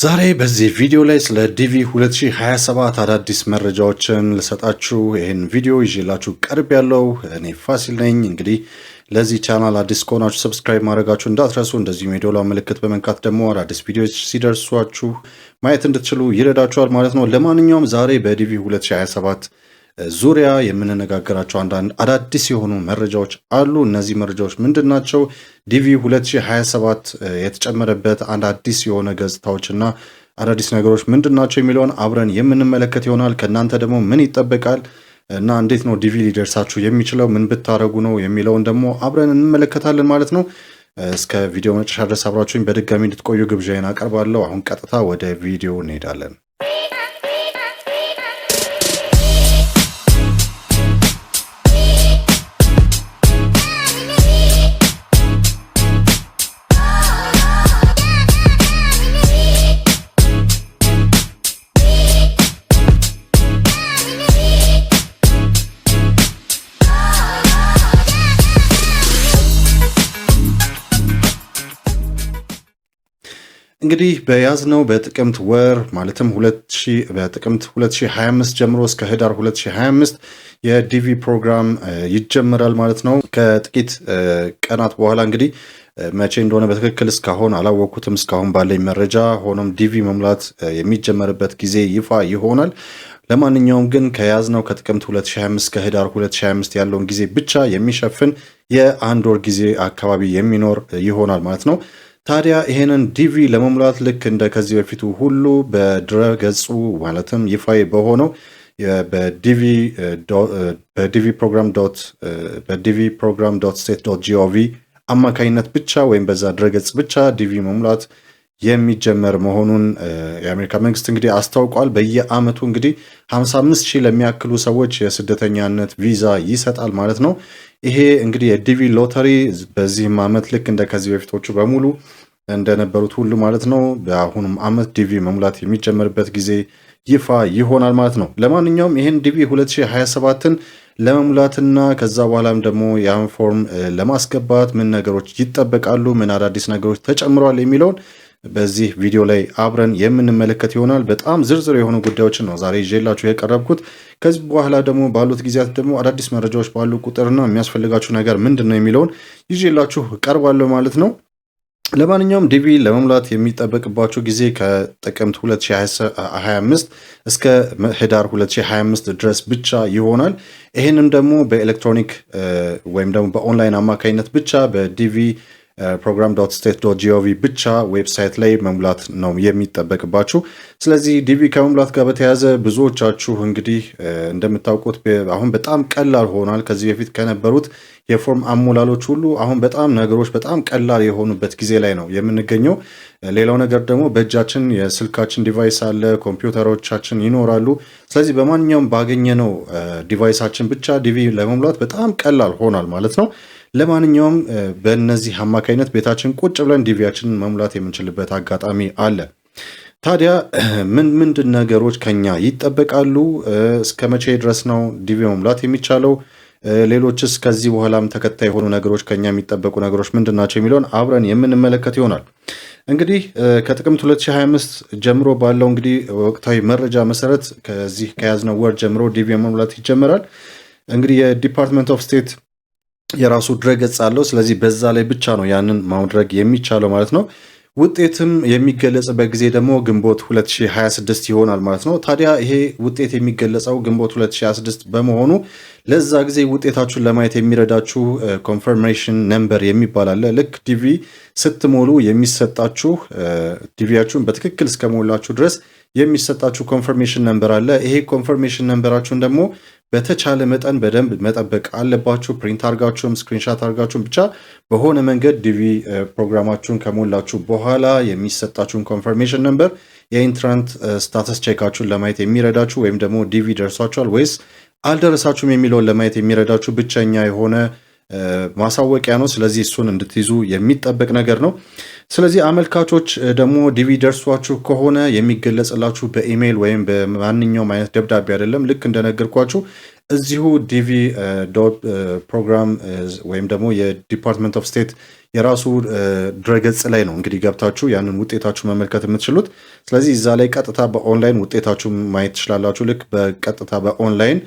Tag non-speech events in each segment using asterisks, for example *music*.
ዛሬ በዚህ ቪዲዮ ላይ ስለ ዲቪ 2027 አዳዲስ መረጃዎችን ልሰጣችሁ ይህን ቪዲዮ ይዤላችሁ ቀርብ ያለው እኔ ፋሲል ነኝ። እንግዲህ ለዚህ ቻናል አዲስ ከሆናችሁ ሰብስክራይብ ማድረጋችሁ እንዳትረሱ፣ እንደዚሁም የዶላር ምልክት በመንካት ደግሞ አዳዲስ ቪዲዮዎች ሲደርሷችሁ ማየት እንድትችሉ ይረዳችኋል ማለት ነው። ለማንኛውም ዛሬ በዲቪ 2027 ዙሪያ የምንነጋገራቸው አንዳንድ አዳዲስ የሆኑ መረጃዎች አሉ። እነዚህ መረጃዎች ምንድን ናቸው? ዲቪ 2027 የተጨመረበት አንድ አዲስ የሆነ ገጽታዎችና አዳዲስ ነገሮች ምንድን ናቸው የሚለውን አብረን የምንመለከት ይሆናል። ከእናንተ ደግሞ ምን ይጠበቃል እና እንዴት ነው ዲቪ ሊደርሳችሁ የሚችለው? ምን ብታደረጉ ነው የሚለውን ደግሞ አብረን እንመለከታለን ማለት ነው። እስከ ቪዲዮ መጨረሻ ድረስ አብራችሁኝ በድጋሚ እንድትቆዩ ግብዣዬን አቀርባለሁ። አሁን ቀጥታ ወደ ቪዲዮ እንሄዳለን። እንግዲህ በያዝነው በጥቅምት ወር ማለትም በጥቅምት 2025 ጀምሮ እስከ ህዳር 2025 የዲቪ ፕሮግራም ይጀመራል ማለት ነው። ከጥቂት ቀናት በኋላ እንግዲህ መቼ እንደሆነ በትክክል እስካሁን አላወቅኩትም፣ እስካሁን ባለኝ መረጃ። ሆኖም ዲቪ መሙላት የሚጀመርበት ጊዜ ይፋ ይሆናል። ለማንኛውም ግን ከያዝነው ከጥቅምት 2025 ከህዳር 2025 ያለውን ጊዜ ብቻ የሚሸፍን የአንድ ወር ጊዜ አካባቢ የሚኖር ይሆናል ማለት ነው። ታዲያ ይሄንን ዲቪ ለመሙላት ልክ እንደ ከዚህ በፊቱ ሁሉ በድረ ገጹ ማለትም ይፋይ በሆነው በዲቪ ፕሮግራም በዲቪ ፕሮግራም ዶት ስቴት ዶት ጂኦቪ አማካኝነት ብቻ ወይም በዛ ድረገጽ ብቻ ዲቪ መሙላት የሚጀመር መሆኑን የአሜሪካ መንግስት እንግዲህ አስታውቋል። በየአመቱ እንግዲህ 55 ሺህ ለሚያክሉ ሰዎች የስደተኛነት ቪዛ ይሰጣል ማለት ነው። ይሄ እንግዲህ የዲቪ ሎተሪ በዚህም ዓመት ልክ እንደ ከዚህ በፊቶቹ በሙሉ እንደነበሩት ሁሉ ማለት ነው በአሁኑም ዓመት ዲቪ መሙላት የሚጀመርበት ጊዜ ይፋ ይሆናል ማለት ነው። ለማንኛውም ይህን ዲቪ 2027ን ለመሙላትና ከዛ በኋላም ደግሞ ያን ፎርም ለማስገባት ምን ነገሮች ይጠበቃሉ፣ ምን አዳዲስ ነገሮች ተጨምረዋል የሚለውን በዚህ ቪዲዮ ላይ አብረን የምንመለከት ይሆናል። በጣም ዝርዝር የሆኑ ጉዳዮችን ነው ዛሬ ይዤላችሁ የቀረብኩት። ከዚህ በኋላ ደግሞ ባሉት ጊዜያት ደግሞ አዳዲስ መረጃዎች ባሉ ቁጥርና የሚያስፈልጋችሁ ነገር ምንድን ነው የሚለውን ይዤላችሁ ቀርባለሁ ማለት ነው። ለማንኛውም ዲቪ ለመሙላት የሚጠበቅባችሁ ጊዜ ከጥቅምት 2025 እስከ ህዳር 2025 ድረስ ብቻ ይሆናል። ይህንም ደግሞ በኤሌክትሮኒክ ወይም ደግሞ በኦንላይን አማካኝነት ብቻ በዲቪ ፕሮግራም ስቴት ብቻ ዌብሳይት ላይ መሙላት ነው የሚጠበቅባችሁ። ስለዚህ ዲቪ ከመሙላት ጋር በተያያዘ ብዙዎቻችሁ እንግዲህ እንደምታውቁት አሁን በጣም ቀላል ሆኗል። ከዚህ በፊት ከነበሩት የፎርም አሞላሎች ሁሉ አሁን በጣም ነገሮች በጣም ቀላል የሆኑበት ጊዜ ላይ ነው የምንገኘው። ሌላው ነገር ደግሞ በእጃችን የስልካችን ዲቫይስ አለ፣ ኮምፒውተሮቻችን ይኖራሉ። ስለዚህ በማንኛውም ባገኘነው ዲቫይሳችን ብቻ ዲቪ ለመሙላት በጣም ቀላል ሆኗል ማለት ነው። ለማንኛውም በእነዚህ አማካኝነት ቤታችን ቁጭ ብለን ዲቪያችንን መሙላት የምንችልበት አጋጣሚ አለ። ታዲያ ምን ምንድን ነገሮች ከኛ ይጠበቃሉ? እስከ መቼ ድረስ ነው ዲቪ መሙላት የሚቻለው? ሌሎችስ ከዚህ በኋላም ተከታይ የሆኑ ነገሮች ከኛ የሚጠበቁ ነገሮች ምንድን ናቸው የሚለውን አብረን የምንመለከት ይሆናል። እንግዲህ ከጥቅምት 2025 ጀምሮ ባለው እንግዲህ ወቅታዊ መረጃ መሰረት ከዚህ ከያዝነው ወር ጀምሮ ዲቪ መሙላት ይጀመራል። እንግዲህ የዲፓርትመንት ኦፍ ስቴት የራሱ ድረገጽ አለው። ስለዚህ በዛ ላይ ብቻ ነው ያንን ማድረግ የሚቻለው ማለት ነው። ውጤትም የሚገለጽበት ጊዜ ደግሞ ግንቦት 2026 ይሆናል ማለት ነው። ታዲያ ይሄ ውጤት የሚገለጸው ግንቦት 2026 በመሆኑ ለዛ ጊዜ ውጤታችሁን ለማየት የሚረዳችሁ ኮንፈርሜሽን ነምበር የሚባል አለ። ልክ ዲቪ ስትሞሉ የሚሰጣችሁ ዲቪያችሁን በትክክል እስከሞላችሁ ድረስ የሚሰጣችሁ ኮንፈርሜሽን ነምበር አለ። ይሄ ኮንፈርሜሽን ነምበራችሁን ደግሞ በተቻለ መጠን በደንብ መጠበቅ አለባችሁ። ፕሪንት አርጋችሁም ስክሪንሻት አርጋችሁም ብቻ በሆነ መንገድ ዲቪ ፕሮግራማችሁን ከሞላችሁ በኋላ የሚሰጣችሁን ኮንፈርሜሽን ነምበር የኢንትራንት ስታተስ ቼካችሁን ለማየት የሚረዳችሁ ወይም ደግሞ ዲቪ ደርሷችኋል ወይስ አልደረሳችሁም የሚለውን ለማየት የሚረዳችሁ ብቸኛ የሆነ ማሳወቂያ ነው። ስለዚህ እሱን እንድትይዙ የሚጠበቅ ነገር ነው። ስለዚህ አመልካቾች ደግሞ ዲቪ ደርሷችሁ ከሆነ የሚገለጽላችሁ በኢሜይል ወይም በማንኛውም አይነት ደብዳቤ አይደለም። ልክ እንደነገርኳችሁ እዚሁ ዲቪ ፕሮግራም ወይም ደግሞ የዲፓርትመንት ኦፍ ስቴት የራሱ ድረገጽ ላይ ነው እንግዲህ ገብታችሁ ያንን ውጤታችሁ መመልከት የምትችሉት። ስለዚህ እዛ ላይ ቀጥታ በኦንላይን ውጤታችሁ ማየት ትችላላችሁ። ልክ በቀጥታ በኦንላይን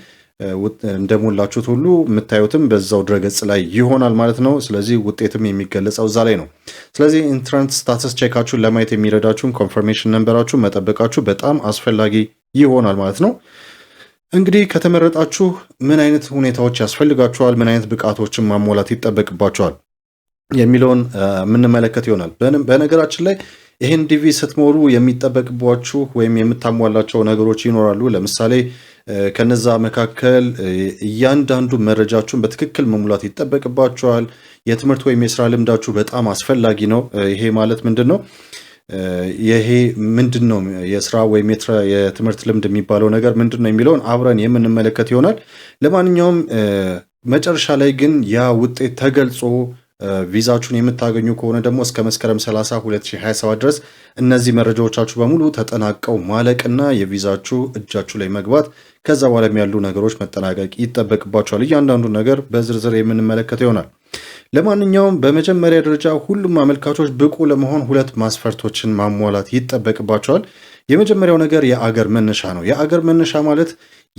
እንደሞላችሁት ሁሉ የምታዩትም በዛው ድረገጽ ላይ ይሆናል ማለት ነው። ስለዚህ ውጤትም የሚገለጸው እዛ ላይ ነው። ስለዚህ ኢንትራንስ ስታተስ ቼካችሁን ለማየት የሚረዳችሁን ኮንፈርሜሽን ነንበራችሁ መጠበቃችሁ በጣም አስፈላጊ ይሆናል ማለት ነው። እንግዲህ ከተመረጣችሁ ምን አይነት ሁኔታዎች ያስፈልጋችኋል፣ ምን አይነት ብቃቶችን ማሟላት ይጠበቅባችኋል የሚለውን የምንመለከት ይሆናል። በነገራችን ላይ ይህን ዲቪ ስትሞሉ የሚጠበቅባችሁ ወይም የምታሟላቸው ነገሮች ይኖራሉ። ለምሳሌ ከነዛ መካከል እያንዳንዱ መረጃችሁን በትክክል መሙላት ይጠበቅባችኋል። የትምህርት ወይም የስራ ልምዳችሁ በጣም አስፈላጊ ነው። ይሄ ማለት ምንድን ነው? ይሄ ምንድን ነው የስራ ወይም የትምህርት ልምድ የሚባለው ነገር ምንድን ነው የሚለውን አብረን የምንመለከት ይሆናል። ለማንኛውም መጨረሻ ላይ ግን ያ ውጤት ተገልጾ ቪዛችሁን የምታገኙ ከሆነ ደግሞ እስከ መስከረም 30 2027 ድረስ እነዚህ መረጃዎቻችሁ በሙሉ ተጠናቀው ማለቅና የቪዛችሁ እጃችሁ ላይ መግባት ከዛ በኋላም ያሉ ነገሮች መጠናቀቅ ይጠበቅባቸዋል። እያንዳንዱ ነገር በዝርዝር የምንመለከተው ይሆናል። ለማንኛውም በመጀመሪያ ደረጃ ሁሉም አመልካቾች ብቁ ለመሆን ሁለት ማስፈርቶችን ማሟላት ይጠበቅባቸዋል። የመጀመሪያው ነገር የአገር መነሻ ነው። የአገር መነሻ ማለት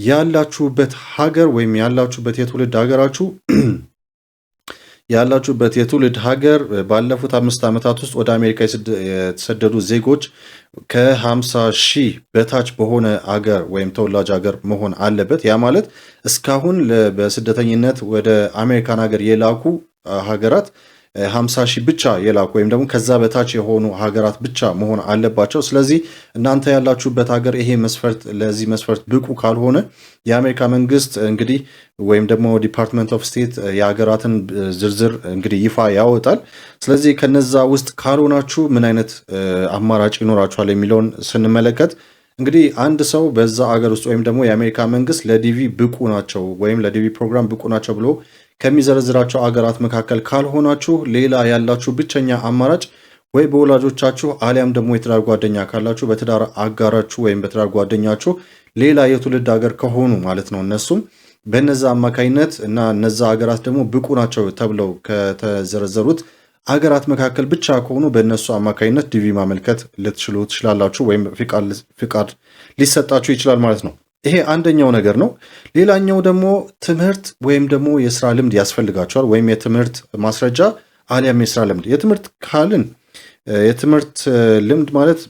ያላችሁበት ሀገር ወይም ያላችሁበት የትውልድ ሀገራችሁ *clears throat* ያላችሁበት የትውልድ ሀገር ባለፉት አምስት ዓመታት ውስጥ ወደ አሜሪካ የተሰደዱ ዜጎች ከ50 ሺህ በታች በሆነ አገር ወይም ተወላጅ ሀገር መሆን አለበት። ያ ማለት እስካሁን በስደተኝነት ወደ አሜሪካን ሀገር የላኩ ሀገራት 50 ሺህ ብቻ የላኩ ወይም ደግሞ ከዛ በታች የሆኑ ሀገራት ብቻ መሆን አለባቸው። ስለዚህ እናንተ ያላችሁበት ሀገር ይሄ መስፈርት ለዚህ መስፈርት ብቁ ካልሆነ የአሜሪካ መንግስት እንግዲህ ወይም ደግሞ ዲፓርትመንት ኦፍ ስቴት የሀገራትን ዝርዝር እንግዲህ ይፋ ያወጣል። ስለዚህ ከነዛ ውስጥ ካልሆናችሁ ምን አይነት አማራጭ ይኖራችኋል የሚለውን ስንመለከት እንግዲህ አንድ ሰው በዛ አገር ውስጥ ወይም ደግሞ የአሜሪካ መንግስት ለዲቪ ብቁ ናቸው ወይም ለዲቪ ፕሮግራም ብቁ ናቸው ብሎ ከሚዘረዝራቸው አገራት መካከል ካልሆናችሁ ሌላ ያላችሁ ብቸኛ አማራጭ ወይ በወላጆቻችሁ አሊያም ደግሞ የትዳር ጓደኛ ካላችሁ በትዳር አጋራችሁ ወይም በትዳር ጓደኛችሁ ሌላ የትውልድ ሀገር ከሆኑ ማለት ነው እነሱም በነዛ አማካኝነት እና እነዛ ሀገራት ደግሞ ብቁ ናቸው ተብለው ከተዘረዘሩት አገራት መካከል ብቻ ከሆኑ በእነሱ አማካኝነት ዲቪ ማመልከት ልትችሉ ትችላላችሁ ወይም ፍቃድ ሊሰጣችሁ ይችላል ማለት ነው። ይሄ አንደኛው ነገር ነው። ሌላኛው ደግሞ ትምህርት ወይም ደግሞ የስራ ልምድ ያስፈልጋቸዋል። ወይም የትምህርት ማስረጃ አሊያም የስራ ልምድ የትምህርት ካልን የትምህርት ልምድ ማለት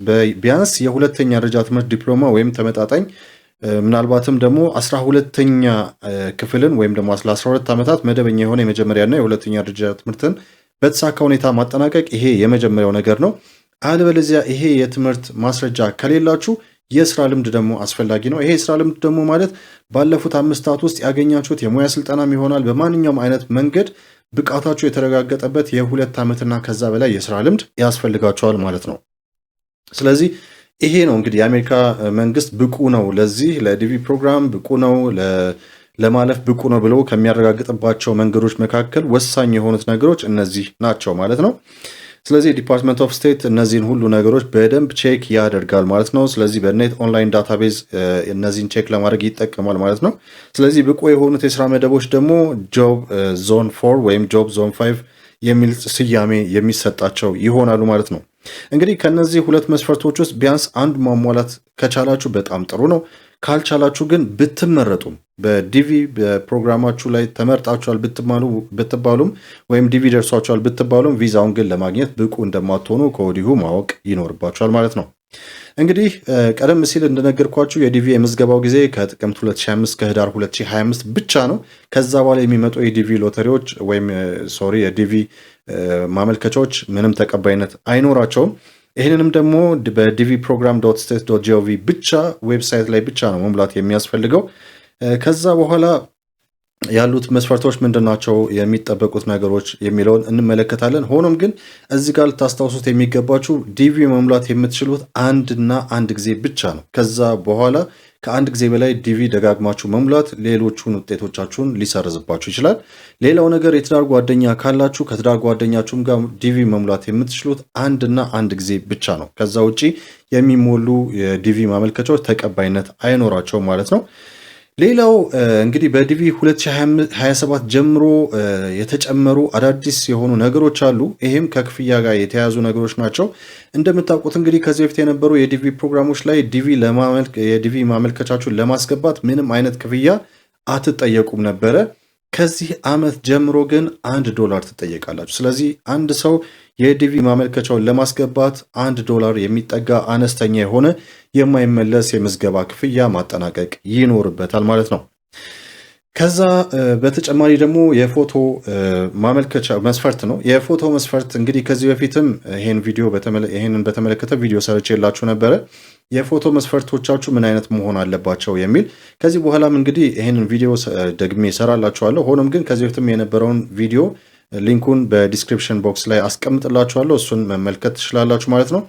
ቢያንስ የሁለተኛ ደረጃ ትምህርት ዲፕሎማ ወይም ተመጣጣኝ ምናልባትም ደግሞ አስራ ሁለተኛ ክፍልን ወይም ደግሞ አስራ ሁለት ዓመታት መደበኛ የሆነ የመጀመሪያና የሁለተኛ ደረጃ ትምህርትን በተሳካ ሁኔታ ማጠናቀቅ ይሄ የመጀመሪያው ነገር ነው። አለበለዚያ ይሄ የትምህርት ማስረጃ ከሌላችሁ የስራ ልምድ ደግሞ አስፈላጊ ነው። ይሄ የስራ ልምድ ደግሞ ማለት ባለፉት አምስት ሰዓት ውስጥ ያገኛችሁት የሙያ ስልጠናም ይሆናል። በማንኛውም አይነት መንገድ ብቃታችሁ የተረጋገጠበት የሁለት ዓመትና ከዛ በላይ የስራ ልምድ ያስፈልጋቸዋል ማለት ነው። ስለዚህ ይሄ ነው እንግዲህ የአሜሪካ መንግስት ብቁ ነው ለዚህ ለዲቪ ፕሮግራም ብቁ ነው ለማለፍ ብቁ ነው ብለው ከሚያረጋግጥባቸው መንገዶች መካከል ወሳኝ የሆኑት ነገሮች እነዚህ ናቸው ማለት ነው። ስለዚህ ዲፓርትመንት ኦፍ ስቴት እነዚህን ሁሉ ነገሮች በደንብ ቼክ ያደርጋል ማለት ነው። ስለዚህ በኔት ኦንላይን ዳታቤዝ እነዚህን ቼክ ለማድረግ ይጠቀማል ማለት ነው። ስለዚህ ብቁ የሆኑት የስራ መደቦች ደግሞ ጆብ ዞን ፎር ወይም ጆብ ዞን ፋይቭ የሚል ስያሜ የሚሰጣቸው ይሆናሉ ማለት ነው። እንግዲህ ከነዚህ ሁለት መስፈርቶች ውስጥ ቢያንስ አንድ ማሟላት ከቻላችሁ በጣም ጥሩ ነው። ካልቻላችሁ ግን ብትመረጡም በዲቪ በፕሮግራማችሁ ላይ ተመርጣችኋል ብትባሉም ወይም ዲቪ ደርሷችኋል ብትባሉም ቪዛውን ግን ለማግኘት ብቁ እንደማትሆኑ ከወዲሁ ማወቅ ይኖርባችኋል ማለት ነው። እንግዲህ ቀደም ሲል እንደነገርኳችሁ የዲቪ የምዝገባው ጊዜ ከጥቅምት 2025 ከህዳር 2025 ብቻ ነው። ከዛ በኋላ የሚመጡ የዲቪ ሎተሪዎች ወይም ሶሪ የዲቪ ማመልከቻዎች ምንም ተቀባይነት አይኖራቸውም። ይህንንም ደግሞ በዲቪ ፕሮግራም ዶት ስቴት ዶት ጂኦቪ ብቻ ዌብሳይት ላይ ብቻ ነው መሙላት የሚያስፈልገው። ከዛ በኋላ ያሉት መስፈርቶች ምንድናቸው፣ የሚጠበቁት ነገሮች የሚለውን እንመለከታለን። ሆኖም ግን እዚህ ጋር ልታስታውሱት የሚገባችሁ ዲቪ መሙላት የምትችሉት አንድና አንድ ጊዜ ብቻ ነው። ከዛ በኋላ ከአንድ ጊዜ በላይ ዲቪ ደጋግማችሁ መሙላት ሌሎቹን ውጤቶቻችሁን ሊሰርዝባችሁ ይችላል። ሌላው ነገር የትዳር ጓደኛ ካላችሁ ከትዳር ጓደኛችሁም ጋር ዲቪ መሙላት የምትችሉት አንድና አንድ ጊዜ ብቻ ነው። ከዛ ውጪ የሚሞሉ የዲቪ ማመልከቻዎች ተቀባይነት አይኖራቸውም ማለት ነው። ሌላው እንግዲህ በዲቪ 2027 ጀምሮ የተጨመሩ አዳዲስ የሆኑ ነገሮች አሉ። ይህም ከክፍያ ጋር የተያዙ ነገሮች ናቸው። እንደምታውቁት እንግዲህ ከዚህ በፊት የነበሩ የዲቪ ፕሮግራሞች ላይ ዲቪ የዲቪ ማመልከቻችሁን ለማስገባት ምንም አይነት ክፍያ አትጠየቁም ነበረ። ከዚህ ዓመት ጀምሮ ግን አንድ ዶላር ትጠየቃላችሁ። ስለዚህ አንድ ሰው የዲቪ ማመልከቻውን ለማስገባት አንድ ዶላር የሚጠጋ አነስተኛ የሆነ የማይመለስ የምዝገባ ክፍያ ማጠናቀቅ ይኖርበታል ማለት ነው። ከዛ በተጨማሪ ደግሞ የፎቶ ማመልከቻ መስፈርት ነው። የፎቶ መስፈርት እንግዲህ ከዚህ በፊትም ይሄን ቪዲዮ ይሄንን በተመለከተ ቪዲዮ ሰርች የላችሁ ነበረ። የፎቶ መስፈርቶቻችሁ ምን አይነት መሆን አለባቸው የሚል ከዚህ በኋላም እንግዲህ ይሄንን ቪዲዮ ደግሜ ሰራላችኋለሁ። ሆኖም ግን ከዚህ በፊትም የነበረውን ቪዲዮ ሊንኩን በዲስክሪፕሽን ቦክስ ላይ አስቀምጥላችኋለሁ። እሱን መመልከት ትችላላችሁ ማለት ነው።